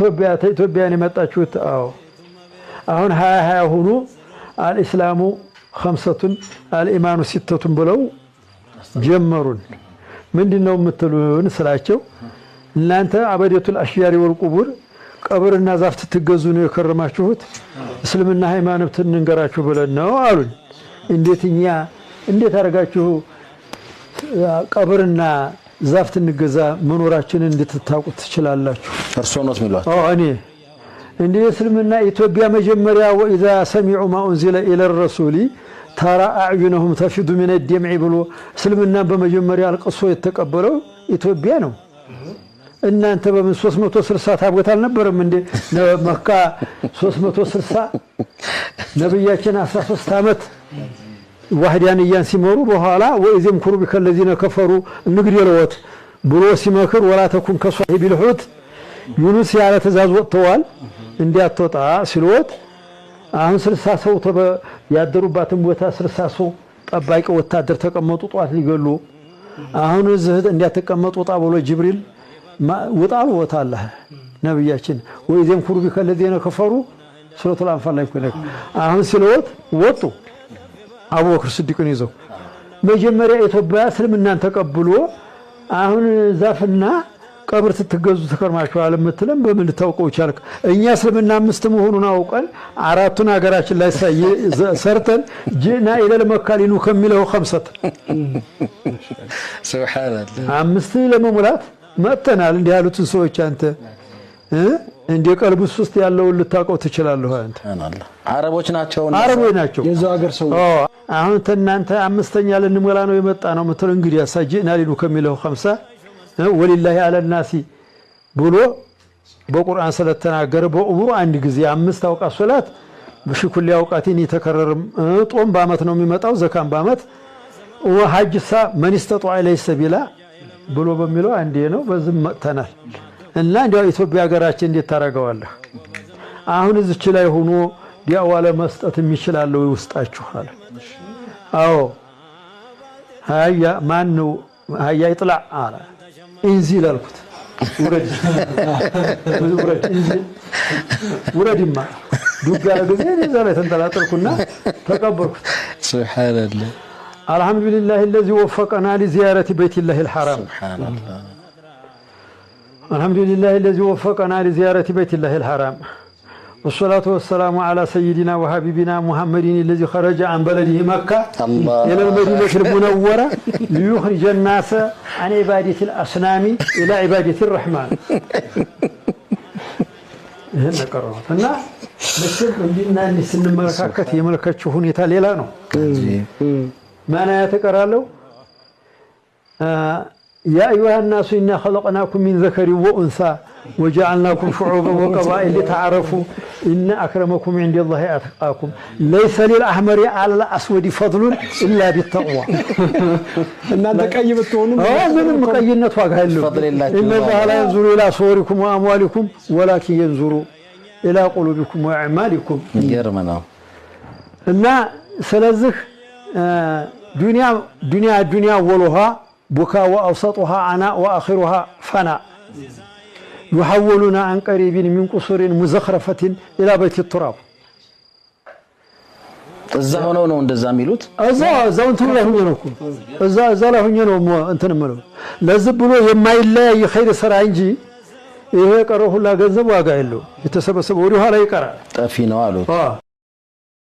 ኢትዮጵያ ኢትዮጵያን የመጣችሁት አዎ አሁን ሀያ ሀያ ሆኖ አልኢስላሙ ከምሰቱን አልኢማኑ ሲተቱን ብለው ጀመሩን። ምንድን ነው የምትሉን ስላቸው እናንተ አበዴቱል አሽያሪ ወልቁቡር ቀብርና ዛፍ ትገዙ ነው የከረማችሁት እስልምና ሃይማኖት እንንገራችሁ ብለን ነው አሉን። እንዴት እኛ እንዴት አደረጋችሁ ቀብርና ዛፍ ትንገዛ መኖራችንን እንድትታውቁት ትችላላችሁ። እርሶ ነት ሚሏት እኔ እንዲህ እስልምና ኢትዮጵያ መጀመሪያ ወኢዛ ሰሚዑ ማ ኡንዚለ ኢለ ረሱሊ ታራ አዕዩነሁም ተፊዱ ሚነ ደምዒ ብሎ እስልምና በመጀመሪያ አልቅሶ የተቀበለው ኢትዮጵያ ነው። እናንተ በምን 360 ታቦት አልነበረም እንዴ? መካ 360 ነብያችን 13 ዓመት ዋህዳንያን ሲመሩ በኋላ ወይዚም ኩሩ ቢከ ከፈሩ ንግድ የለወት ብሎ ሲመክር ወላተኩን ተኩን ቢልሑት ዩኑስ ያለ ትእዛዝ ወጥተዋል። እንዲያትወጣ ሲልወት አሁን ስልሳ ሰው ያደሩባትን ቦታ ስልሳ ሰው ጠባቂ ወታደር ተቀመጡ፣ ጠዋት ሊገሉ አሁን እዚህ እንዲያትቀመጡ ውጣ ብሎ ጅብሪል ውጣ ልወት አለ ነቢያችን ወይዚም ኩሩ ቢከ ከፈሩ ሱረቱል አንፋል ላይ አሁን ሲልወት ወጡ አቡበክር ስዲቅን ይዘው መጀመሪያ ኢትዮጵያ እስልምናን ተቀብሎ አሁን ዛፍና ቀብር ስትገዙ ተከርማችኋል የምትልም በምን ልታውቀው ቻልክ? እኛ እስልምና አምስት መሆኑን አውቀን አራቱን ሀገራችን ላይ ሰርተን ጅና ኢለል መካሊኑ ከሚለው ከምሰት አምስት ለመሙላት መጥተናል። እንዲህ ያሉትን ሰዎች አንተ እንደ ቀልብ ውስጥ ያለውን ልታውቀው ትችላለህ። አንተ አረቦች ናቸው አረቦች ናቸው የዛው ሀገር ሰው። አሁን እናንተ አምስተኛ ልንሞላ ነው የመጣ ነው ምትል እንግዲህ ያሳጅና ሊሉ ከሚለው ኸምሳ ወሊላሂ አለናሲ ብሎ በቁርአን ስለተናገረ በእምሩ አንድ ጊዜ አምስት አውቃ ሶላት በሽኩል ያውቃቲን የተከረርም ጦም በአመት ነው የሚመጣው ዘካም በአመት ወሐጅሳ መን ይስተጧ ኢለይሂ ሰቢላ ብሎ በሚለው አንዴ ነው። በዝም መጥተናል። እና እንዲያው ኢትዮጵያ ሀገራችን እንዴት ታደርገዋለህ? አሁን እዚች ላይ ሆኖ ዲያዋ ለመስጠት የሚችላለው ይውስጣችኋል። አዎ ሀያ ማን ነው ሀያ ይጥላ አለ እንዚል አልኩት። ውረድ ውረድ እንዚል ውረድማ ዱጋ ለጊዜ እዛ ላይ ተንጠላጠልኩና ተቀበልኩት። ሱብሃንአላህ አልሐምዱሊላህ ለዚ ወፈቀና ሊዚያረቲ በይቲላሂል ሐራም ሱብሃንአላህ الحمد لله الذي وفقنا لزيارة بيت الله الحرام والصلاة والسلام على سيدنا وحبيبنا محمد الذي خرج عن بلده مكة إلى المدينة المنورة ليخرج الناس عن عبادة الأصنام إلى عبادة الرحمن ይህን ያቀረቡት እና መቼም እንዲና እንዲህ ስንመለካከት የመልከችው ሁኔታ ሌላ ነው። ማን ያተቀራለው يا أيها الناس إنا خلقناكم من ذكر وأنثى وجعلناكم شعوبا وقبائل لتعرفوا إن أكرمكم عند الله أتقاكم ليس للأحمر على الأسود فضل إلا بالتقوى إن أنت كيف بتقولون آه من مقينة واقع فضل الله إن الله لا ينظر إلى صوركم وأموالكم ولكن ينظر إلى قلوبكم وأعمالكم يرمنا إن سلازك دنيا دنيا دنيا ولها ቡካ ወአውሰጡሃ አና ወአኺሩሃ ፈና ዩሐወሉና አንቀሪቢን ቀሪቢን ሚን ቁሱሪን ሙዘኽረፈቲን ኢላ በይት ቱራብ እዛ ሆነው ነው እንደዛ የሚሉት። እዛ እዛው እንትን ላይ ሆኜ ነው እኮ እዛ እዛ ላይ ሆኜ ነው እንትን የምለው ለዚህ ብሎ የማይለያይ ኸይር ስራ እንጂ ይሄ የቀረው ሁላ ገንዘብ ዋጋ የለው የተሰበሰበ ወደ ኋላ ይቀራል። ጠፊ ነው አሉት።